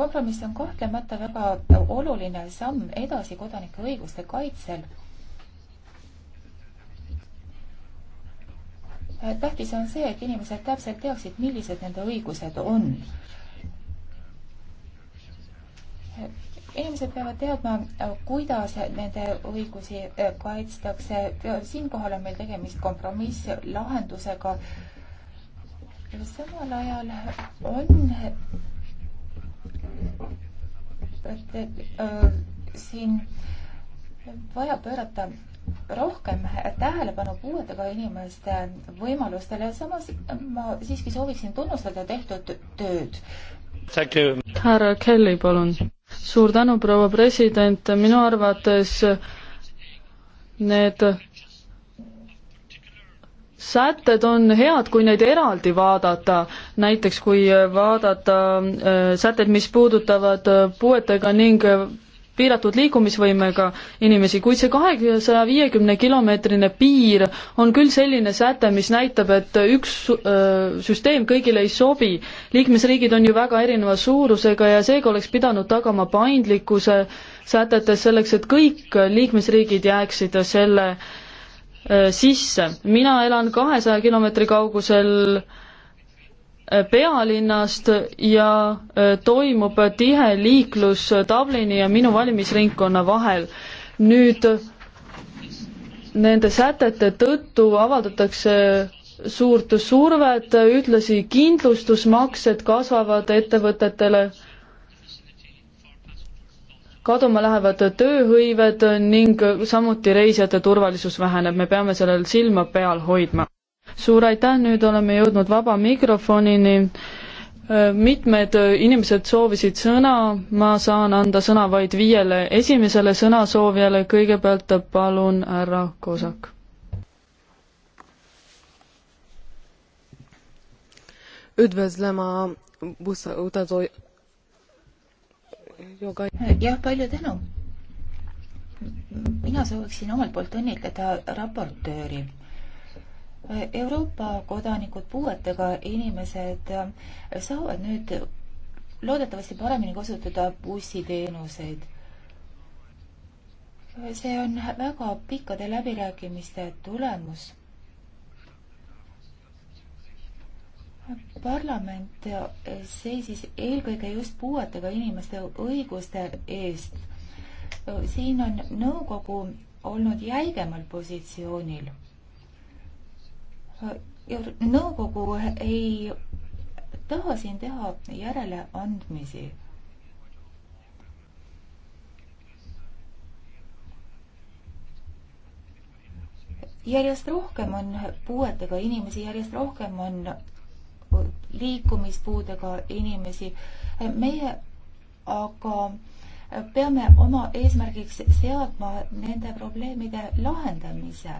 kompromiss on kahtlemata väga oluline samm edasi kodanike õiguste kaitsel tähtis on see, et inimesed täpselt teaksid, millised nende õigused on inimesed peavad teadma, kuidas nende õigusi äh, kaitstakse. siinkohal on meil tegemist kompromisslahendusega. samal ajal on et, äh, siin vaja pöörata rohkem tähelepanu puuetega inimeste võimalustele, samas ma siiski sooviksin tunnustada tehtud tööd. härra Kelly, palun suur tänu, proua president, minu arvates need sätted on head, kui neid eraldi vaadata, näiteks kui vaadata äh, sätted, mis puudutavad puuetega ning piiratud liikumisvõimega inimesi, kuid see kahesaja viiekümne kilomeetrine piir on küll selline säte, mis näitab, et üks öö, äh, süsteem kõigile ei sobi. liikmesriigid on ju väga erineva suurusega ja seega oleks pidanud tagama paindlikkuse sätetes selleks, et kõik liikmesriigid jääksid selle öö, äh, sisse. mina elan kahesaja kilomeetri kaugusel öö, Äh, pealinnast ja äh, toimub tihe liiklus Dublini ja minu valimisringkonna vahel. nüüd nende sätete tõttu avaldatakse suurt survet, ühtlasi kindlustusmaksed kasvavad ettevõtetele, kaduma lähevad tööhõived ning samuti reisijate turvalisus väheneb, me peame sellel silma peal hoidma suur aitäh, nüüd oleme jõudnud vaba mikrofonini. Äh, mitmed äh, inimesed soovisid sõna, ma saan anda sõna vaid viiele esimesele sõnasoovijale, kõigepealt palun härra Kosak. üdvözlöm a busz utazó joga. jah, palju tänu. mina sooviksin omalt poolt õnnitleda raportööri Euroopa kodanikud, puuetega inimesed äh, saavad nüüd loodetavasti paremini kasutada bussiteenuseid. see on väga pikkade läbirääkimiste tulemus parlament seisis eelkõige just puuetega inimeste õiguste eest. siin on nõukogu olnud jäigemal positsioonil ja nõukogu ei taha siin teha järeleandmisi. järjest rohkem on puuetega inimesi, järjest rohkem on liikumispuudega inimesi. meie aga peame oma eesmärgiks seadma nende probleemide lahendamise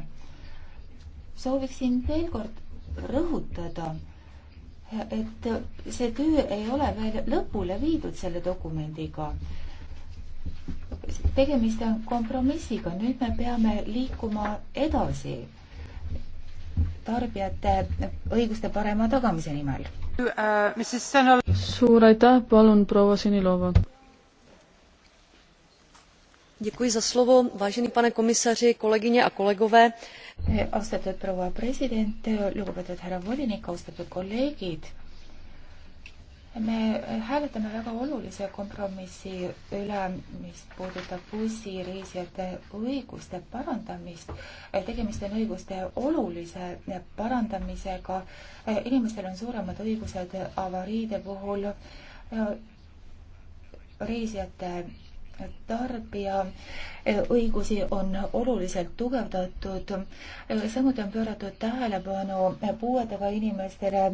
sooviksin veel kord rõhutada, et see töö ei ole veel lõpule viidud selle dokumendiga. tegemist on kompromissiga, nüüd me peame liikuma edasi tarbijate õiguste parema tagamise nimel. Uh, suur aitäh, palun proua Sinilova vážený pane komisaři kolegyně a kolegové austatud proua president lugupeetud härra volinik austatud kolleegid me hääletame väga olulise kompromissi üle mis puudutab bussireisijate õiguste parandamist tegemist on õiguste olulise parandamisega inimestel on suuremad õigused avariide puhul reisijate tarbija e, õigusi on oluliselt tugevdatud. E, samuti on pööratud tähelepanu puuetega inimestele,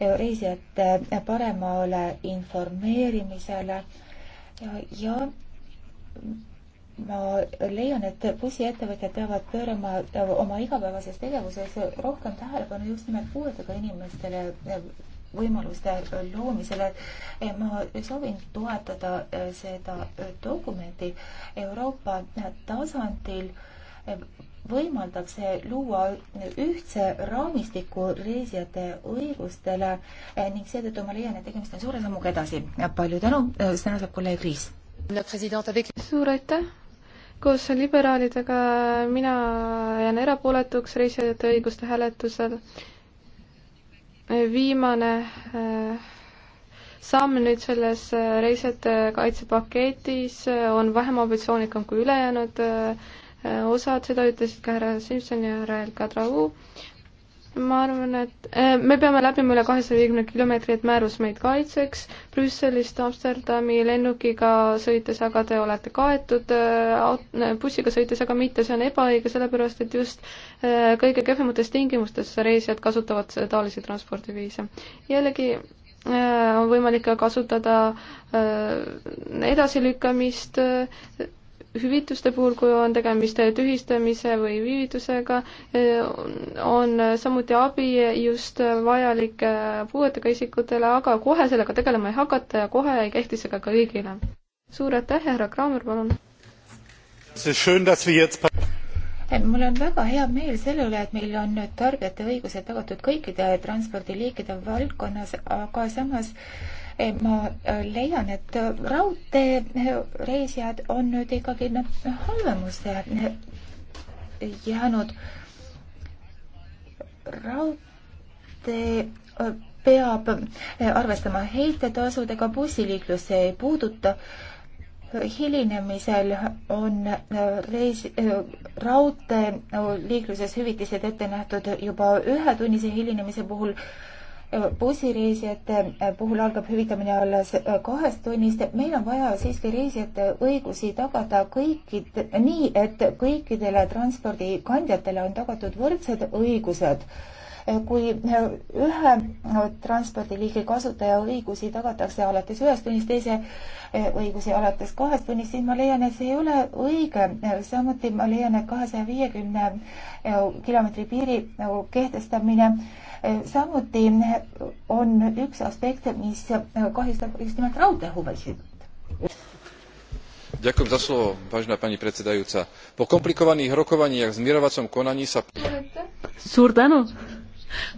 e, reisijate paremale informeerimisele ja, ja ma leian, et bussiettevõtjad peavad pöörama oma igapäevases tegevuses rohkem tähelepanu just nimelt puuetega inimestele võimaluste loomisele. Eh, ma soovin toetada eh, seda eh, dokumenti Euroopa tasandil võimaldab see luua ühtse raamistiku reisijate õigustele ning seetõttu ma leian, et tegemist on suure sammuga edasi. palju tänu, sõna saab kolleeg Riis. suur aitäh! koos liberaalidega mina jään erapooletuks reisijate õiguste hääletusel viimane äh, samm nüüd selles äh, reisijate kaitsepaketis äh, on vähem ambitsioonikam kui ülejäänud osad, seda ütlesid ka härra Simson ja härra El Kadraou ma arvan, et äh, me peame läbima üle kahesaja viiekümne kilomeetri, et määrus meid kaitseks. Brüsselist Amsterdami lennukiga sõites aga te olete kaetud, äh, äh, bussiga sõites aga mitte, see on ebaõige, sellepärast et just kõige kehvemates tingimustes reisijad kasutavad taolisi transpordiviise. jällegi on võimalik ka kasutada edasilükkamist hüvituste puhul, kui on tegemist tühistamise või viivitusega, eh, on samuti abi just vajalike puuetega isikutele, aga kohe sellega tegelema ei hakata ja kohe ei kehti see ka kõigile. suur aitäh, härra Kraamer, palun! Eh, mul on väga hea meel selle üle, et meil on nüüd tarbijate õigused tagatud kõikide transpordiliikide valdkonnas, aga samas äh, Eh, ma äh, leian, et äh, raudteereisijad on nüüd ikkagi halvemusse äh, jäänud. raudtee peab arvestama heitetasuudega, bussiliiklus see ei puuduta. hilinemisel on reis, raudteeliikluses hüvitised ette nähtud juba ühetunnise hilinemise puhul bussireisijate äh, puhul algab hüvitamine alles äh, kahest tunnist. meil on vaja siiski reisijate õigusi tagada kõikid, nii et kõikidele transpordikandjatele on tagatud võrdsed õigused. Äh, kui ühe transpordiliigi kasutaja õigusi tagatakse alates ühest tunnist, teise õigusi alates kahest tunnist, siis ma leian, et see ei ole õige. samuti ma leian, et kahesaja viiekümne kilomeetri piiri nagu kehtestamine samuti on üks aspekt, mis kahjustab just nimelt raudteehuvisid. Ďakujem za slovo, vážená pani predsedajúca. Po komplikovaných rokovaniach v zmierovacom konaní sa... Suur tänu!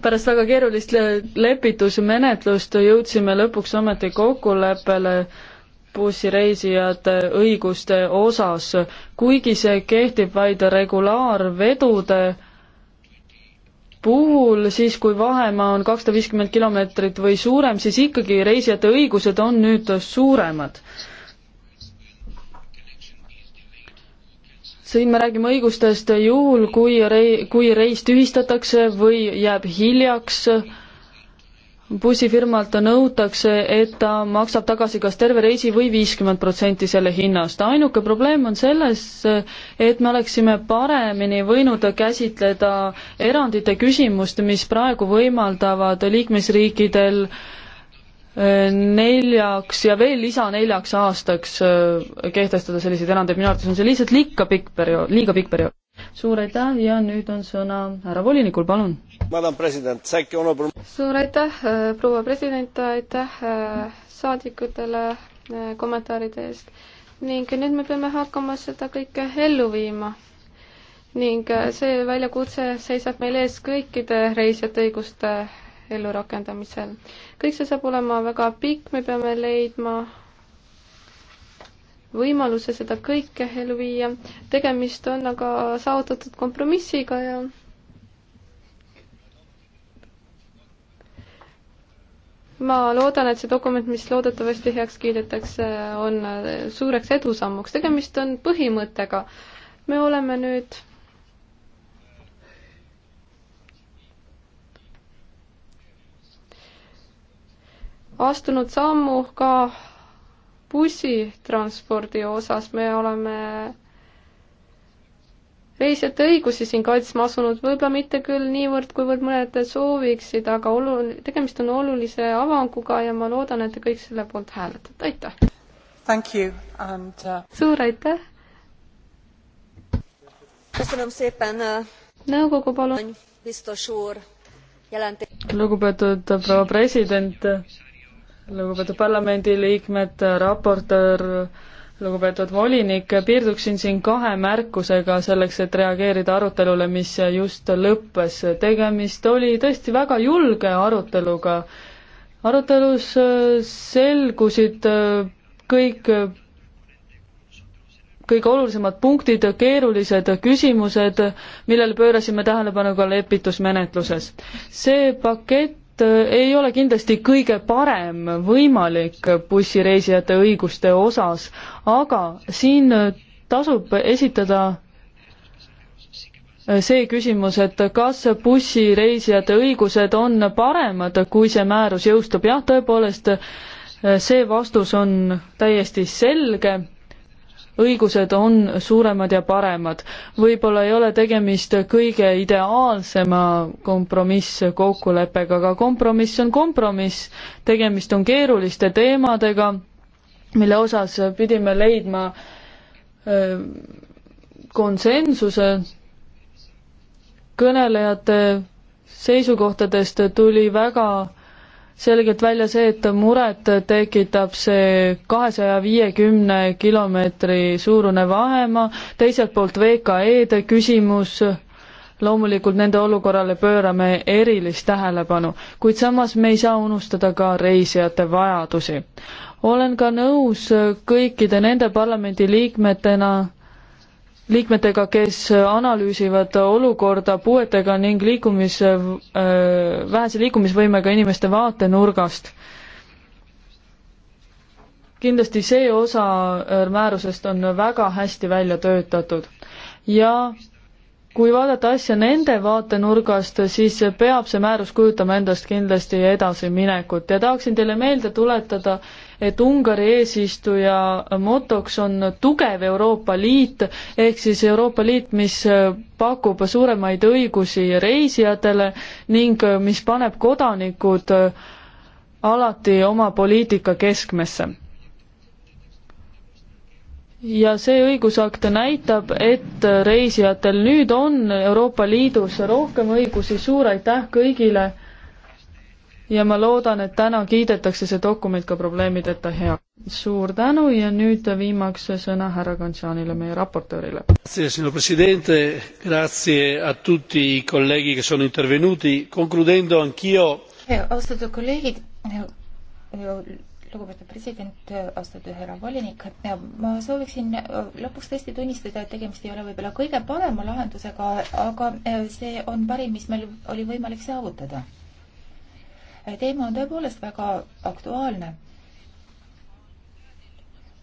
pärast väga keerulist lepitusmenetlust jõudsime lõpuks ometi kokkuleppele bussireisijate õiguste osas, kuigi see kehtib vaid regulaarvedude puhul siis, kui vahemaa on kakssada viiskümmend kilomeetrit või suurem, siis ikkagi reisijate õigused on nüüd suuremad. siin me räägime õigustest juhul, kui rei-, kui reis tühistatakse või jääb hiljaks äh, bussifirmalt nõutakse, et ta maksab tagasi kas terve reisi või viiskümmend protsenti selle hinnast. ainuke probleem on selles, et me oleksime paremini võinud käsitleda erandite küsimust, mis praegu võimaldavad liikmesriikidel eh, neljaks ja veel lisa neljaks aastaks eh, kehtestada selliseid erandeid, minu arvates on see lihtsalt liiga pikk periood, liiga pikk periood. suur aitäh ja nüüd on sõna härra volinikul, palun suur aitäh, äh, proua president, aitäh äh, saadikutele äh, kommentaaride eest ning nüüd me peame hakkama seda kõike ellu viima. ning see väljakutse seisab meil ees kõikide reisijate õiguste ellurakendamisel. kõik see saab olema väga pikk, me peame leidma võimaluse seda kõike ellu viia. tegemist on aga saavutatud kompromissiga ja ma loodan, et see dokument, mis loodetavasti heaks kiidetakse, on äh, suureks edusammuks, tegemist on põhimõttega. me oleme nüüd astunud sammu ka bussitranspordi osas, me oleme reisijate õigusi siin kaitsma asunud, võib-olla mitte küll niivõrd, kuivõrd mõned sooviksid, aga olu-, tegemist on olulise avanguga ja ma loodan, et te kõik selle poolt hääletate, aitäh! And, uh... suur aitäh! Uh, nõukogu palun! lugupeetud proua president, lugupeetud parlamendiliikmed, raportöör, lugupeetud volinik, piirduksin siin kahe märkusega selleks, et reageerida arutelule, mis just lõppes. tegemist oli tõesti väga julge aruteluga. arutelus selgusid kõik, kõige olulisemad punktid, keerulised küsimused, millele pöörasime tähelepanu ka lepitusmenetluses. see pakett Äh, ei ole kindlasti kõige parem võimalik bussireisijate õiguste osas, aga siin äh, tasub esitada äh, see küsimus, et kas bussireisijate õigused on paremad, kui see määrus jõustub, jah, tõepoolest, see vastus on täiesti selge õigused on suuremad ja paremad. võib-olla ei ole tegemist kõige ideaalsema kompromisskokkuleppega, aga kompromiss on kompromiss, tegemist on keeruliste teemadega, mille osas pidime leidma konsensuse kõnelejate seisukohtadest tuli väga selgelt välja see, et muret tekitab see kahesaja viiekümne kilomeetri suurune vahemaa, teiselt poolt VKE-de küsimus, loomulikult nende olukorrale pöörame erilist tähelepanu, kuid samas me ei saa unustada ka reisijate vajadusi. olen ka nõus kõikide nende parlamendiliikmetena, liikmetega, kes analüüsivad olukorda puuetega ning liikumis, äh, vähese liikumisvõimega inimeste vaatenurgast. kindlasti see osa äh, määrusest on väga hästi välja töötatud ja kui vaadata asja nende vaatenurgast, siis peab see määrus kujutama endast kindlasti edasiminekut ja tahaksin teile meelde tuletada, et Ungari eesistuja motoks on tugev Euroopa Liit, ehk siis Euroopa Liit, mis pakub suuremaid õigusi reisijatele ning mis paneb kodanikud alati oma poliitika keskmesse. ja see õigusakt näitab, et reisijatel nüüd on Euroopa Liidus rohkem õigusi, suur aitäh kõigile ja ma loodan, et täna kiidetakse see dokument ka probleemideta heaks. suur tänu ja nüüd viimaks sõna härra Kanšanile, meie raportöörile. Signor Presidente, grazie a tutti i colleghi che sono intervenuti, concludendo anch'io. Eh, austatud kolleegid, eh, eh, lugupeetud president, austatud härra volinik, ma sooviksin lõpuks tõesti tunnistada, et tegemist ei ole võib-olla kõige parema lahendusega, aga see on parim, mis meil oli võimalik saavutada teema on tõepoolest väga aktuaalne.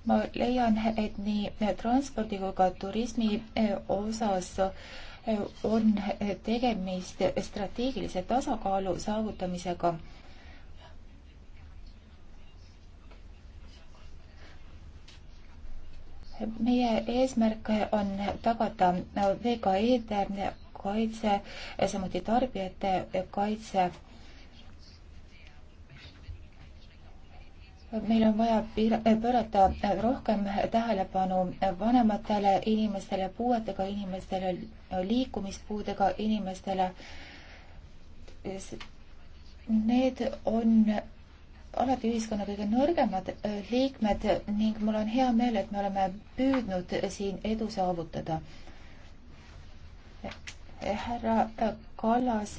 ma leian, et nii transpordi kui ka turismi eh, osas eh, on eh, tegemist strateegilise tasakaalu saavutamisega. meie eesmärk on tagada VKE-de kaitse, samuti tarbijate kaitse meil on vaja eh, pöörata eh, rohkem eh, tähelepanu vanematele inimestele, puuetega inimestele, liikumispuudega inimestele. Need on alati ühiskonna kõige nõrgemad liikmed ning mul on hea meel, et me oleme püüdnud siin edu saavutada. härra Kallas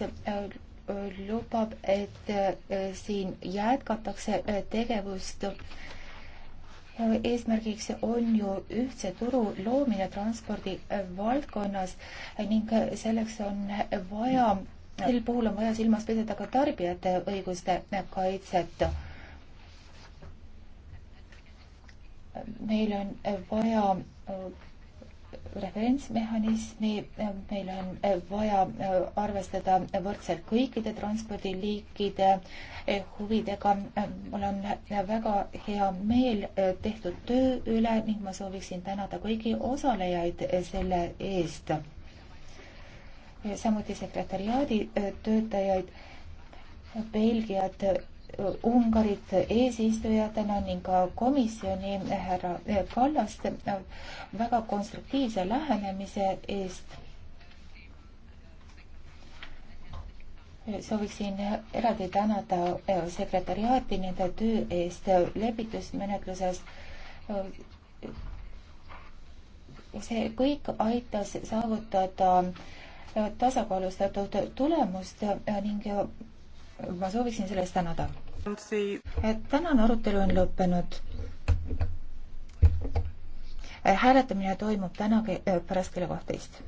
lubab, et äh, siin jätkatakse äh, tegevust. eesmärgiks on ju ühtse turu loomine transpordi äh, valdkonnas ning selleks on vaja, sel puhul on vaja silmas pidada ka tarbijate õiguste kaitset. meil on vaja referentsmehhanismi, äh, meil on äh, vaja äh, arvestada võrdselt kõikide transpordiliikide huvidega. mul on väga hea meel tehtud töö üle ning ma sooviksin tänada kõigi osalejaid selle eest, samuti sekretäriaadi töötajaid, Belgiat Ungarit eesistujatena ning ka komisjoni eh, härra eh, Kallast eh, väga konstruktiivse lähenemise eest. sooviksin eraldi tänada sekretäriaati nende töö eest lepitusmenetluses see kõik aitas saavutada tasakaalustatud tulemust ning ma sooviksin selle eest tänada tänane arutelu on lõppenud. hääletamine toimub täna äh, pärast kella kahtteist.